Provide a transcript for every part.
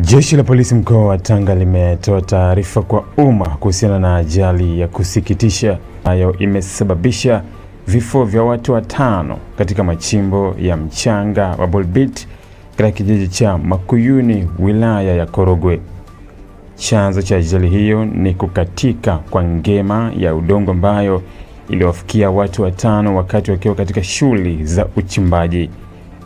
Jeshi la polisi mkoa wa Tanga limetoa taarifa kwa umma kuhusiana na ajali ya kusikitisha ambayo imesababisha vifo vya watu watano katika machimbo ya mchanga wa Bolbit katika kijiji cha Makuyuni, wilaya ya Korogwe. Chanzo cha ajali hiyo ni kukatika kwa ngema ya udongo ambayo iliwafikia watu watano wakati wakiwa katika shughuli za uchimbaji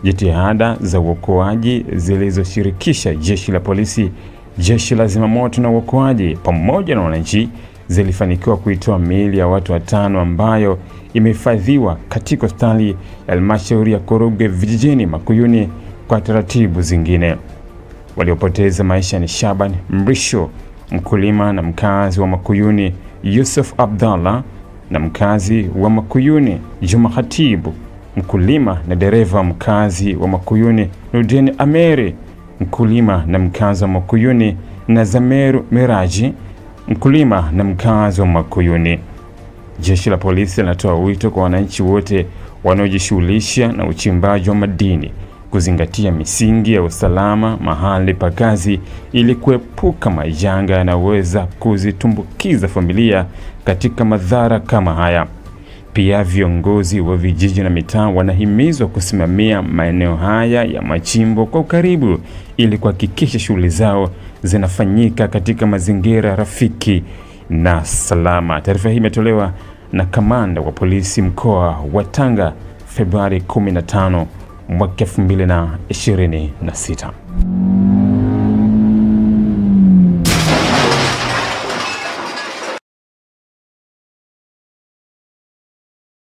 jitihada za uokoaji zilizoshirikisha jeshi la polisi, jeshi la zimamoto na uokoaji pamoja na wananchi zilifanikiwa kuitoa miili ya watu watano ambayo imehifadhiwa katika hospitali ya halmashauri ya Korogwe vijijini Makuyuni kwa taratibu zingine. Waliopoteza maisha ni Shaban Mrisho, mkulima na mkazi wa Makuyuni, Yusuf Abdallah na mkazi wa Makuyuni, Juma Khatibu mkulima na dereva mkazi wa Makuyuni, Nurdin Ameri, mkulima na mkazi wa Makuyuni, na Zameru Miraji, mkulima na mkazi wa Makuyuni. Jeshi la polisi linatoa wito kwa wananchi wote wanaojishughulisha na uchimbaji wa madini kuzingatia misingi ya usalama mahali pa kazi ili kuepuka majanga yanayoweza kuzitumbukiza familia katika madhara kama haya. Pia viongozi wa vijiji na mitaa wanahimizwa kusimamia maeneo haya ya machimbo kwa ukaribu ili kuhakikisha shughuli zao zinafanyika katika mazingira rafiki na salama. Taarifa hii imetolewa na kamanda wa polisi mkoa wa Tanga Februari 15 mwaka 2026.